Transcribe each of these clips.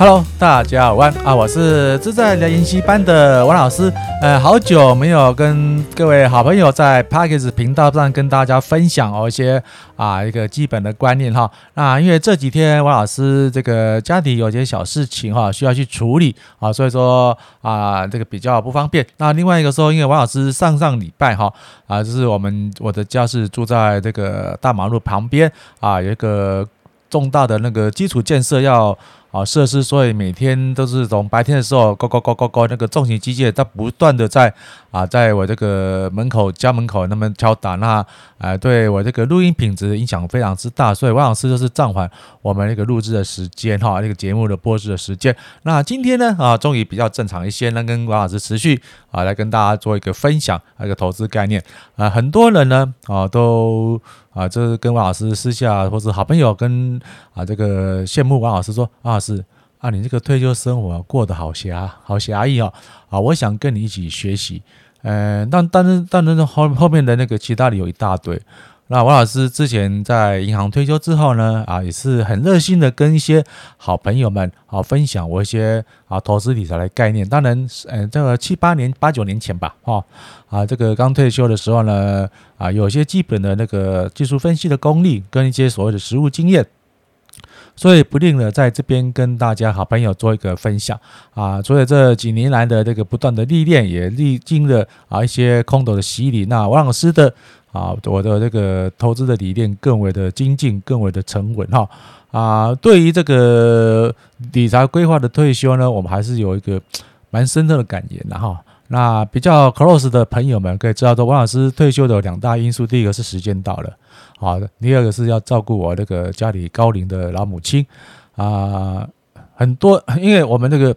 Hello，大家好我，啊，我是自在理財研習班的王老師。呃，好久沒有跟各位好朋友在 Podcast 頻道上跟大家分享哦一些啊一個基本的觀念哈。那、啊、因為這幾天王老師這個家裡有些小事情哈、啊，需要去處理啊，所以說啊這個比較不方便。那另外一個說，因為王老師上上禮拜哈啊，就是我們我的家是住在這個大馬路旁邊啊，有一個重大的那個基礎建設要。啊，設施，所以每天都是從白天的時候，go go go go go 那個重型機械在不斷的在啊，在我這個門口、家門口那麼敲打，那，啊，對我這個錄音品質影響非常之大，所以王老師就是暫緩我們那個錄製的時間哈，那、啊這個節目的播出的時間。那今天呢，啊，終於比較正常一些，那跟王老師持續啊來跟大家做一個分享，啊、一個投資概念啊，很多人呢，啊，都。啊，這、就是跟王老師私下，或是好朋友跟啊這個羨慕王老師說，啊老師，啊你這個退休生活、啊、過得好俠，好俠義哦。啊我想跟你一起學習，嗯、呃，但但是但是後後面的那個其他理由一大堆。那王老師之前在銀行退休之後呢，啊，也是很熱心的跟一些好朋友們啊分享我一些啊投資理財的概念。當然，嗯，這個七八年、八九年前吧，哈，啊，這個剛退休的時候呢，啊，有些基本的那個技術分析的功力跟一些所謂的實務經驗。所以，不吝的在這邊跟大家好朋友做一個分享啊！所以這幾年來的這個不斷的歷練，也歷經了啊一些空頭的洗禮，那王老師的啊，我的這個投資的理念更為的精進，更為的沉穩哈！啊，對於這個理財規劃的退休呢，我們還是有一個蠻深刻的感言的哈。那比較 close 的朋友們可以知道，說王老師退休的兩大因素，第一個是時間到了，好的，第二個是要照顧我這個家裡高齡的老母親，啊，很多，因為我們這個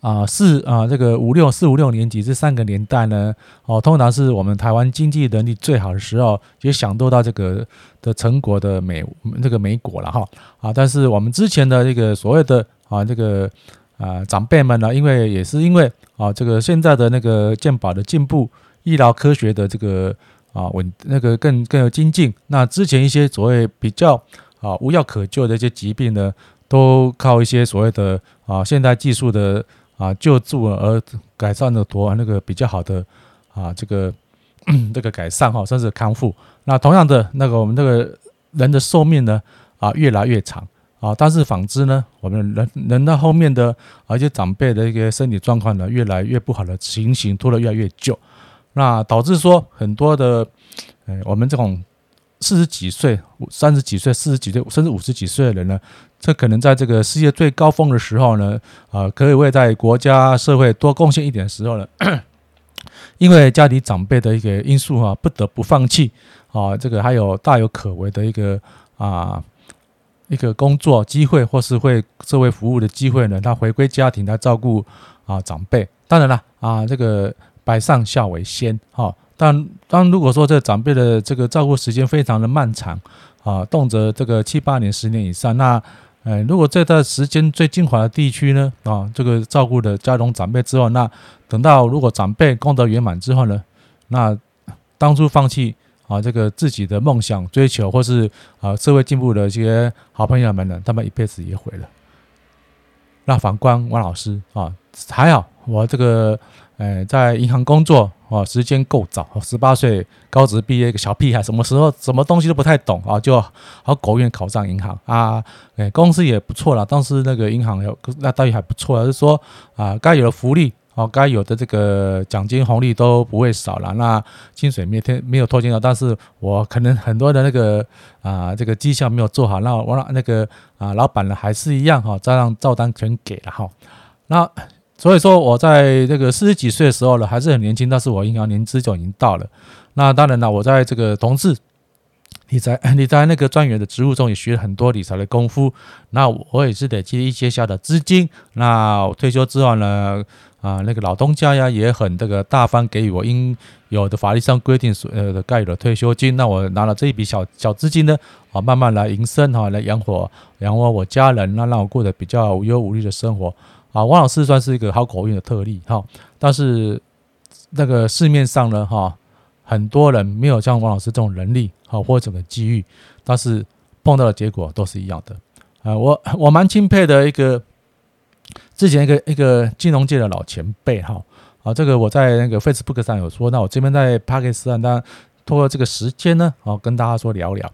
啊、呃，四啊，這個五六四五六年級這三個年代呢，哦，通常是我們台灣經濟能力最好的時候，也享受到這個的成果的美這個美果了哈，啊，但是我們之前的這個所謂的啊，這個。啊，長輩們呢、啊，因為也是因為啊，這個現在的那個健保的進步，醫療科學的這個啊穩那個更更有精進。那之前一些所謂比較啊無藥可救的一些疾病呢，都靠一些所謂的啊現代技術的啊救助而改善的多那個比較好的啊這個 這個改善哈、啊，甚至康復。那同樣的那個我們這個人的壽命呢啊越來越長。啊，但是反之呢，我們人人到後面的，而且長輩的一個身體狀況呢，越來越不好的情形，拖得越來越久，那導致說很多的，呃，我們這種四十幾歲、三十幾歲、四十幾歲甚至五十幾歲的人呢，這可能在這個事業最高峰的時候呢，啊，可以為在國家社會多貢獻一點的時候呢，因為家裡長輩的一個因素啊，不得不放棄啊，這個還有大有可為的一個啊。一個工作機會，或是為社會服務的機會呢，他回歸家庭來照顧啊長輩。當然了啊，這個百善孝為先哈，哦。但當，如果說這長輩的這個照顧時間非常的漫長啊，動輒這個七八年、十年以上，那、哎、如果這段時間最精華的地區呢啊，這個照顧的家中長輩之後，那等到如果長輩功德圓滿之後呢，那當初放棄。啊，這個自己的夢想追求，或是啊社會進步的一些好朋友們呢，他們一輩子也毀了。那反觀王老師啊，還好我這個呃、哎、在銀行工作啊，時間夠早，十八歲高職畢業一個小屁孩，什麼時候什麼東西都不太懂啊，就好狗運考上銀行啊，哎，公司也不錯啦，當時那個銀行那待遇還不錯，就是說啊，該有的福利。哦，該有的這個獎金紅利，都不會少了。那薪水每天沒有拖欠到，但是我可能很多的那個啊、呃，這個績效沒有做好。那我那那個啊，老闆呢還是一樣哈、哦，再讓照單全給了哈。那所以說，我在這個四十幾歲的時候呢，還是很年輕，但是我銀行年資就已經到了。那當然了，我在這個從事理財、理財那個專員的職務中也學了很多理財的功夫。那我也是得積一些小的資金。那我退休之後呢，啊，那個老東家呀也很這個大方，給予我應有的法律上規定所呃的該有的退休金。那我拿了這一筆小小資金呢，啊，慢慢來營生哈、啊，來養活養活我家人那、啊、讓我過得比較無憂無慮的生活啊。王老師算是一個好口運的特例哈，但是那個市面上呢哈，很多人沒有像王老師這種能力哈或者的機遇，但是碰到的結果都是一樣的啊。我我蠻欽佩的一個，之前一個一個金融界的老前輩哈啊，這個我在那個 Facebook 上有說，那我這邊在巴基斯坦，那拖了這個時間呢，啊，跟大家說聊聊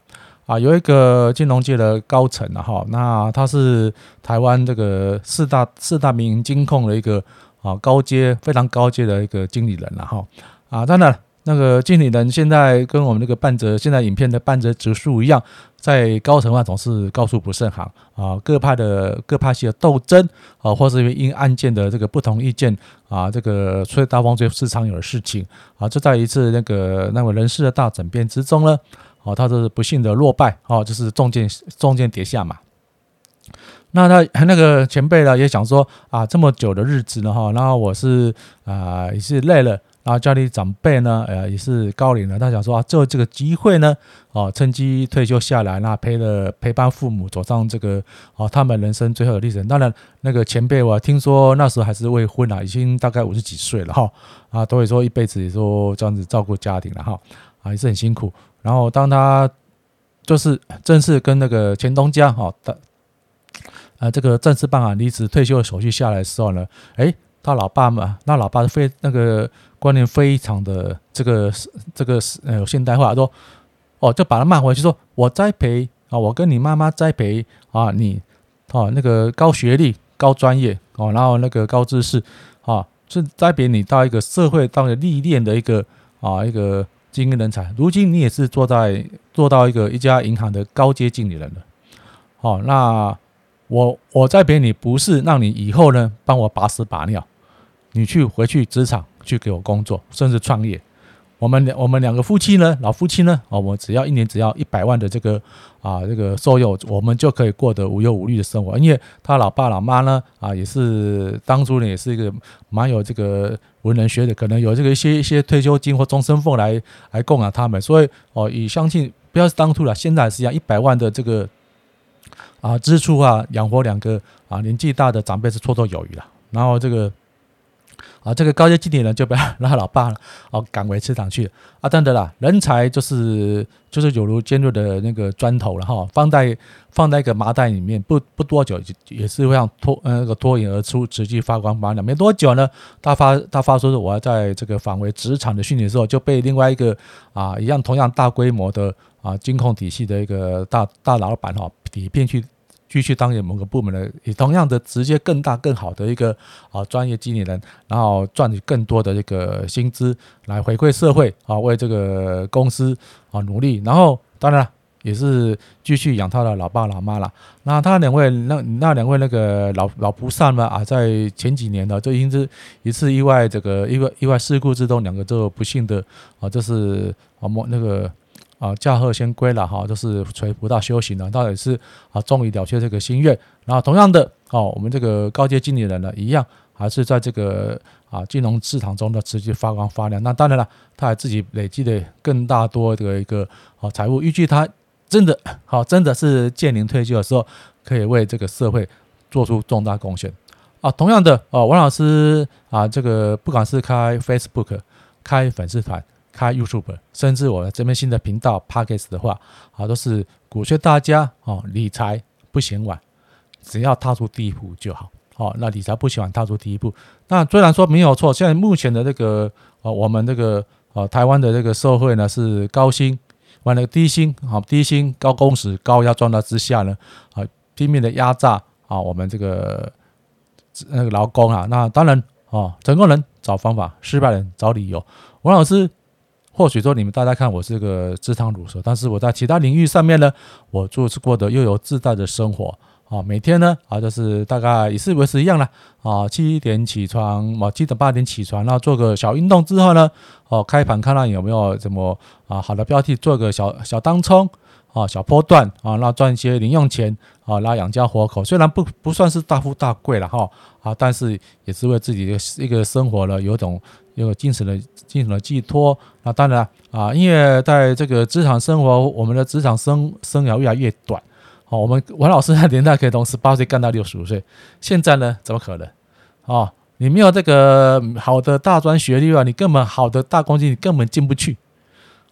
啊，有一個金融界的高層了哈，那他是台灣這個四大四大民營金控的一個啊高階非常高階的一個經理人了哈啊，真的。那個經理人現在跟我們那個半澤，現在影片的半澤直樹一樣，在高層啊總是高處不勝寒啊。各派的各派系的鬥爭啊，或是因案件的這個不同意見啊，這個吹大風吹是常有的事情啊。就在一次那個那位人事的大轉變之中呢，哦，他是不幸的落敗哦、啊，就是中箭中箭跌下嘛。那他那個前輩呢，也想說啊，這麼久的日子呢哈，然後我是啊、呃、也是累了。啊，家裡長輩呢，呃，也是高齡了，他想說啊，就這個機會呢，啊，趁機退休下來、啊，那陪了陪伴父母，走上這個啊，他們人生最後的歷程。當然，那個前輩我聽說那時候還是未婚啊，已經大概五十幾歲了哈，啊，都會說一輩子也就這樣子照顧家庭了哈、啊，也是很辛苦。然後當他就是正式跟那個前東家哈，他啊、呃、這個正式辦啊離職退休的手續下來的時候呢，誒，他老爸嘛，那老爸非那個。觀念非常的這個這個是呃現代化，說哦，就把他罵回去，說我栽培啊，我跟你媽媽栽培啊，你啊那個高學歷、高專業哦、啊，然後那個高知識啊，是栽培你到一個社會到一個歷練的一個啊一個精英人才。如今你也是坐在做到一個一家銀行的高階經理人了。好，那我我栽培你，不是讓你以後呢幫我把屎把尿，你去回去職場。去給我工作，甚至創業。我們兩我們兩個夫妻呢，老夫妻呢，哦，我只要一年只要一百萬的這個啊，這個收入，我們就可以過得無憂無慮的生活。因為他老爸老媽呢，啊，也是當初呢，也是一個蠻有這個文人學的，可能有這個一些一些退休金或終身俸來來供養他們。所以哦，以相信，不要是當初了，現在是一樣，一百萬的這個啊支出啊，養活兩個啊年紀大的長輩是綽綽有餘了。然後這個。啊，這個高級經理人就讓他老爸了哦、啊，趕回職場去。啊，當然啦，人才就是就是猶如尖銳的那個磚頭了哈，放在放在一個麻袋裡面，不不多久也是會讓脫那個脫穎而出，直接發光發亮。沒多久呢，他發他發說的，我在這個返回職場的訓練之後，就被另外一個啊一樣同樣大規模的啊監控體系的一個大大老闆哈、啊、底片去。繼續擔任某個部門的，以同樣的直接更大更好的一個啊專業經理人，然後賺更多的這個薪資來回饋社會啊，為這個公司啊努力，然後當然了也是繼續養他的老爸老媽了。那他兩位那那兩位那個老老菩薩嘛啊，在前幾年呢、啊、就已經是一次意外這個意外意外事故之中，兩個這個不幸的啊，這是啊莫那個。啊，駕鶴仙歸了哈，就是垂不到修行了，到底是啊，終於了卻這個心願。然後同樣的哦、啊，我們這個高階經理人呢，一樣還是在這個啊金融市場中的持續發光發亮。那當然了，他還自己累積的更大多的一個啊財富，預計他真的好、啊、真的是屆齡退休的時候，可以為這個社會做出重大貢獻。啊，同樣的哦、啊，王老師啊，這個不管是開 Facebook，開粉絲團。開 YouTube，甚至我這邊新的頻道 Podcast 的話，啊，都是鼓吹大家哦，理財不嫌晚，只要踏出第一步就好。哦，那理財不嫌晚，踏出第一步。那雖然說沒有錯，現在目前的這個哦，我們這個哦，台灣的這個社會呢，是高薪完了低薪，好、哦、低薪高工時高壓狀態之下呢，啊、呃、拼命的壓榨啊、哦、我們這個那個、呃、勞工啊。那當然哦，成功人找方法，失敗人找理由。王老師。或許說你們大家看我是個職場魯蛇，但是我在其他領域上面呢，我就是過得悠遊自在的生活啊。每天呢啊，就是大概也是維持一樣啦，啊。七點起床，啊七點八點起床，然後做個小運動之後呢，哦，開盤看看有沒有什麼啊好的標的，做個小小當沖啊，小波段啊，那賺一些零用錢啊，來養家活口。雖然不不算是大富大貴了哈啊，但是也是為自己的一個生活呢，有種。有精神的，精神的寄託。啊，當然啊，因為在這個職場生活，我們的職場生生涯越來越短。好，我們王老師那年代可以從十八歲幹到六十五歲，現在呢，怎麼可能？哦，你沒有這個好的大專學歷啊，你根本好的大公司你根本進不去。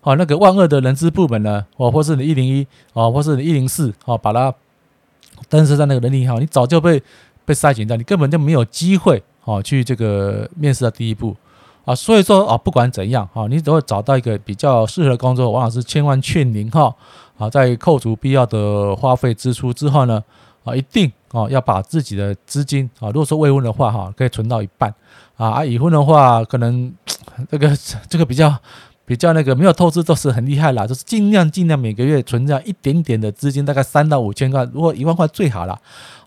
好，那個萬惡的人資部門呢，哦，或是你一零一哦，或是你一零四哦，把它登實在那個人力銀行，你早就被被篩選掉，你根本就沒有機會哦，去這個面試的第一步。啊，所以說啊，不管怎樣啊，你只會找到一個比較適合的工作。王老師千萬勸您哈，啊，在扣除必要的花費支出之後呢，啊，一定啊要把自己的資金啊，如果說未婚的話哈，可以存到一半，啊，啊，已婚的話可能這個這個比較比較那個沒有透支都是很厲害啦，就是盡量盡量每個月存這樣一點點的資金，大概三到五千塊，如果一萬塊最好啦，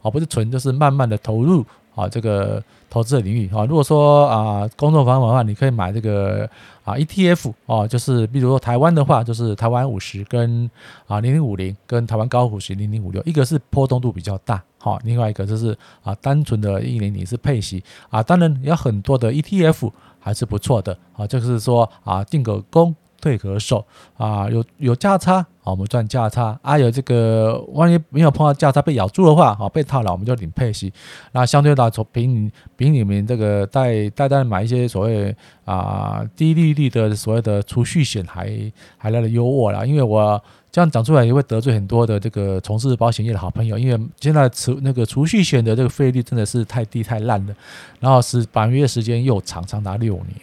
啊，不是存就是慢慢的投入。啊，這個投資的領域啊，如果說啊，工作方法的話，你可以買這個啊 ETF 啊，就是比如說台灣的話，就是台灣五十跟啊零零五零跟台灣高股息零零五六，一個是波動度比較大，好，另外一個就是啊單純的一年你是配息啊，當然也有很多的 ETF 還是不錯的啊，就是說啊定個攻。會可收啊，有有價差、啊，我們賺價差啊。有這個，萬一沒有碰到價差被咬住的話，好、啊、被套了，我們就領配息。那相對的，從比你比你們這個代代代買一些所謂啊低利率的所謂的儲蓄險還還來得優渥啦。因為我這樣講出來也會得罪很多的這個從事保險業的好朋友，因為現在儲那個儲蓄險的這個費率真的是太低太爛了，然後是綁約時間又長，長達六年。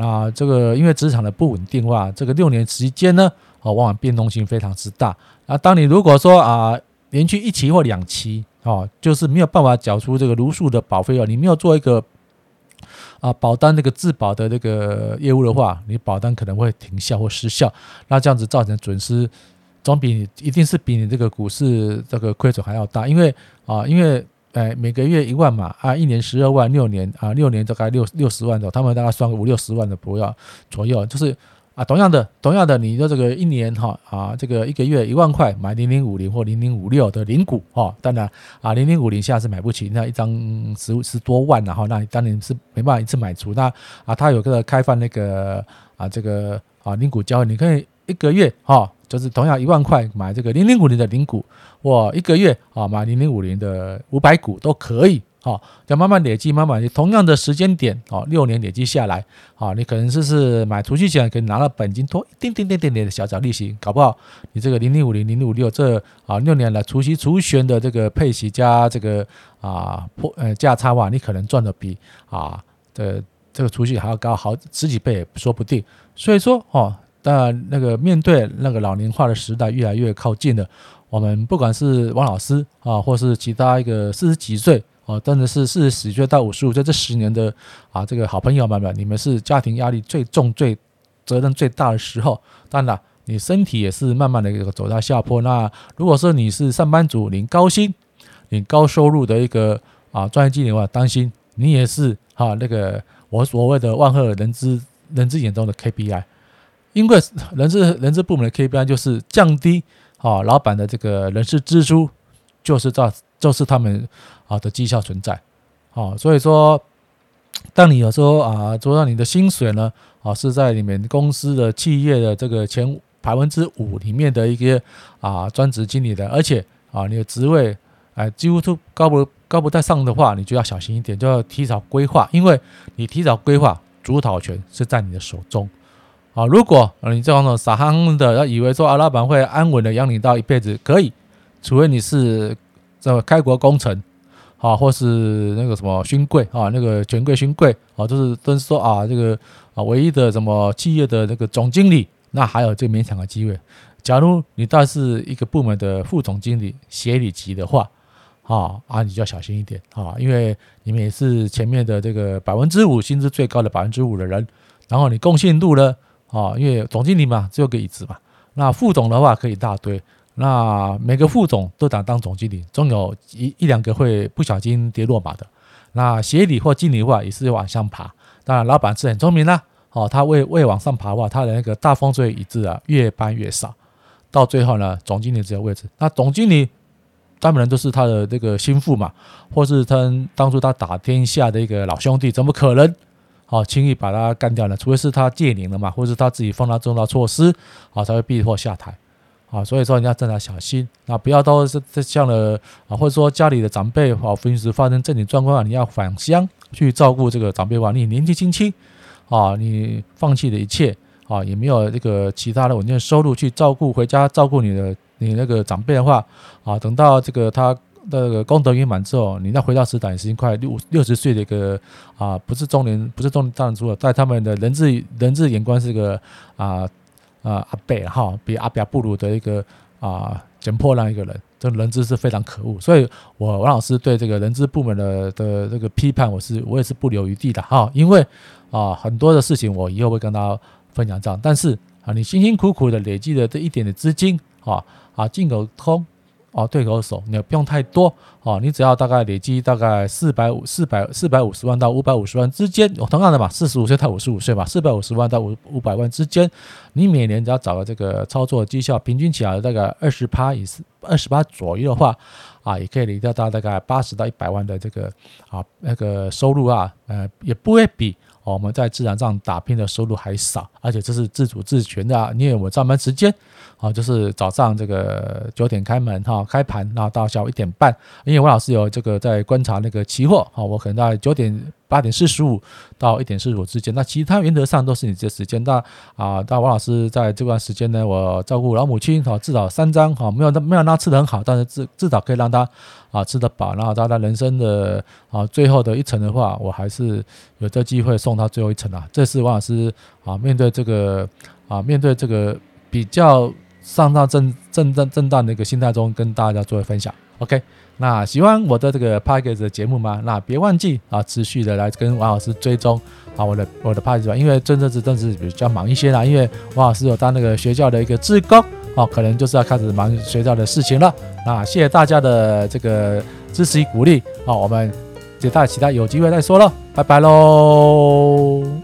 啊，這個因為職場的不穩定的話，這個六年時間呢，啊，往往變動性非常之大。啊，當你如果說啊，連續一期或兩期，啊，就是沒有辦法繳出這個如數的保費哦，你沒有做一個啊保單這個質保的這個業務的話，你保單可能會停效或失效。那這樣子造成損失，總比你一定是比你這個股市這個虧損還要大，因為啊，因為。哎，每個月一萬嘛，啊，一年十二萬，六年啊，六年大概六六十萬的，他們大概算個五六十萬的，不要左右，就是啊，同樣的，同樣的，你的這個一年哈，啊，這個一個月一萬塊買零零五零或零零五六的零股哈，當然啊，零零五零現在是買不起，那一張十十多萬然後，那當然是沒辦法一次買足，那啊，他有個開放那個啊這個啊零股交易，你可以一個月哈。就是同樣一萬塊買這個零零五零的零股，我一個月啊買零零五零的五百股都可以啊，就慢慢累積，慢慢你同樣的時間點啊，六年累積下來啊，你可能就是買儲蓄險可以拿到本金多一點點點點點的小小利息，搞不好你這個零零五零零零五六這啊六年了，除息除權的這個配息加這個啊破呃價差哇，你可能賺的比啊的這個儲蓄還要高好十幾倍也說不定，所以說哦。當然，那個面對那個老齡化的時代越來越靠近了，我們不管是王老師啊，或是其他一個四十幾歲哦，真的是四十幾歲到五十五歲這十年的啊，這個好朋友們們，你們是家庭壓力最重、最責任最大的時候。當然、啊，你身體也是慢慢的一個走到下坡。那如果說你是上班族，你高薪、你高收入的一個啊專業經理的話，擔心你也是啊，那個我所謂的萬惡人資人資眼中的 KPI。因為人事人事部門的 KPI 就是降低啊老闆的這個人事支出，就是在就是他們啊的績效存在，好、啊，所以說，當你有時候啊做到你的薪水呢，啊是在你們公司的企業的這個前百分之五裡面的一些啊專職經理的，而且啊你的職位啊幾乎都高不高不太上的話，你就要小心一點，就要提早規劃，因為你提早規劃，主導權是在你的手中。啊，如果、啊、你這種傻憨憨的，要、啊、以為說阿老板會安穩的養你到一輩子，可以，除非你是什麼開國功臣，啊，或是那個什麼勳貴啊，那個權貴勳貴，啊，都、就是都、就是、說啊，這個啊唯一的什麼企業的那個總經理，那還有最勉強的機會。假如你但是一個部門的副總經理、協理級的話，啊啊，你就要小心一點啊，因為你們也是前面的這個百分之五薪資最高的百分之五的人，然後你貢獻度呢？哦，因為總經理嘛，只有一個椅子嘛。那副總的話，可以一大堆。那每個副總都想當總經理，總有一一兩個會不小心跌落馬的。那協理或經理的話，也是往上爬。當然，老板是很聰明啦、啊。哦，他為為往上爬的話，他的那個大風吹椅子啊，越搬越少，到最後呢，總經理只有位置。那總經理當然都是他的這個心腹嘛，或是稱當初他打天下的一個老兄弟，怎麼可能？好，輕易把他幹掉了，除非是他屆齡了嘛，或者是他自己放大重大措施，啊，才會被迫下台，啊，所以說你要真的小心，啊，那不要到是這樣了啊，或者說家裡的長輩啊，平時發生這種狀況，你要返鄉去照顧這個長輩的話，你年紀輕輕，啊，你放棄了一切，啊，也沒有這個其他的穩定收入去照顧回家照顧你的你那個長輩的話，啊，等到這個他。的功德圓滿之後，你再回到時代，已經快六六十歲的一個啊，不是中年，不是中年大叔了。在他們的人資人資眼光，是一個啊啊阿伯哈，比阿比亞布魯的一個啊撿、呃、破爛一個人，這人資是非常可惡。所以，我王老師對這個人資部門的的這個批判，我是我也是不留餘地的哈，因為啊很多的事情，我以後會跟大家分享這樣。但是啊，你辛辛苦苦的累積的這一點的資金啊啊進口通。哦，對口手，你不用太多哦，你只要大概累積大概四百五、四百、四百五十萬到五百五十萬之間，同樣的嘛，四十五歲到五十五歲嘛，四百五十萬到五五百萬之間，你每年只要找到這個操作績效平均起來大概二十趴以上。二十八左右的話，啊，也可以領到大概八十到一百萬的這個啊那個收入啊，呃，也不會比我們在職場上打拼的收入還少，而且這是自主自權的、啊，因為我上班時間，啊，就是早上這個九點開門哈、啊、開盤，然後到下午一點半，因為王老師有這個在觀察那個期貨，啊，我可能在九點，八點四十五到一點四十五之間，那其他原則上都是你這時間。那啊，那王老師在這段時間呢，我照顧老母親哈，至少三餐哈，沒有他沒有讓他吃得很好，但是至至少可以讓他啊吃得飽。然後在他人生的啊最後的一程的話，我還是有這機會送他最後一程啊。這是王老師啊面對這個啊面對這個比較上漲震震震盪的一個心態中跟大家做分享。OK。那喜歡我的這個 Podcast 的節目嗎？那別忘記啊，持續的來跟王老師追蹤啊，我的我的 Podcast 因為真正是真正是比較忙一些啦，因為王老師有當那個學校的一個志工啊，可能就是要開始忙學校的事情了，啊。那謝謝大家的這個支持與鼓勵啊，我們期待期待有機會再說嘍。拜拜嘍。